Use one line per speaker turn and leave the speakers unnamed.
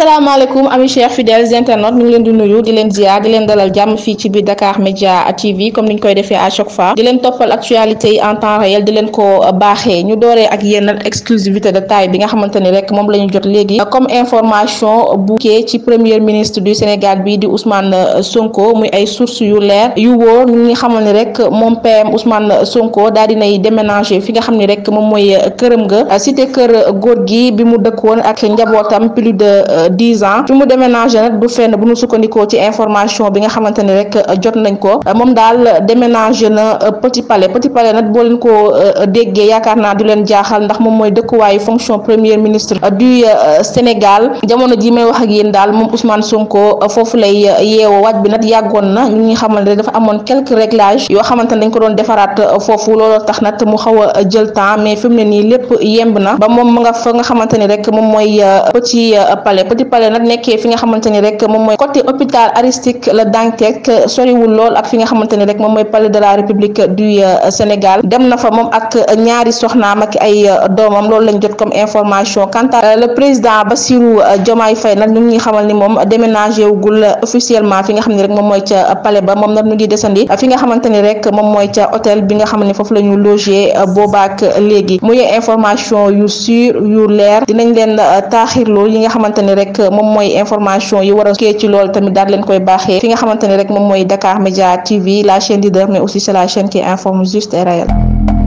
asalaamaaleykum ami chers fidèles internautes ñu leen di nuyu di leen ziar di leen dalal jàmm fii ci biir Dakar a TV comme ni ñu koy defee à chaque fois di leen toppal actualité yi en temps réel di leen ko baaxee ñu dooree ak yenn exclusivité de taille bi nga xamante ni rek moom la jot léegi comme information bu kee ci premier ministre du Sénégal bi di Ousmane Sonko muy ay sources yu leer yu wóor ñu ngi xamal ni rek moom PM Ousmane Sonko daal dinay déménager fi nga xam ni rek moom mooy këram nga cité kër góor gi bi mu dëkkoon ak njabootam plus de dix ans fi mu déménagé nag du fenn bu ñu sukkandikoo ci information bi nga xamante rek euh, jot nañ ko euh, moom daal déménagé na euh, Petit Palais Petit Palais nag boo leen ko déggee yaakaar naa du leen jaaxal ndax moom mooy dëkkuwaayu fonction premier ministre du Sénégal jamono ji na ñu ngi xamante ne dafa amoon quelques réglages yoo xamante ne dañ ko doon defaraat foofu looloo tax nag mu xaw a jël temps mais Palais Petit Palais nag nekkee fi nga xamante ni rek moom mooy côté hôpital Aristide Le Dantec soriwul lool ak fi nga xamante rek moom mooy la République du euh, Sénégal dem na fa moom ak ñaari soxnaam ak ay euh, doomam loolu lañ jot comme information quant à euh, le président Bassirou Diomaye Faye nag ñu ngi xamal ni moom déménagé wugul officiellement fi nga xam ne rek moom ca palais ba moom nag mu ngi desandi fi nga xamante rek moom mooy ca hôtel bi nga xam ne foofu la ñu logé boobaak léegi muy information yu sûr yu leer dinañ leen taaxirloo yi nga xamante rek rek moom mooy information yi war a kee ci loolu tamit daal leen koy baaxee fi nga xamante ne rek moom mooy Dakar Média TV la chaîne leader mais aussi c'est la informe juste et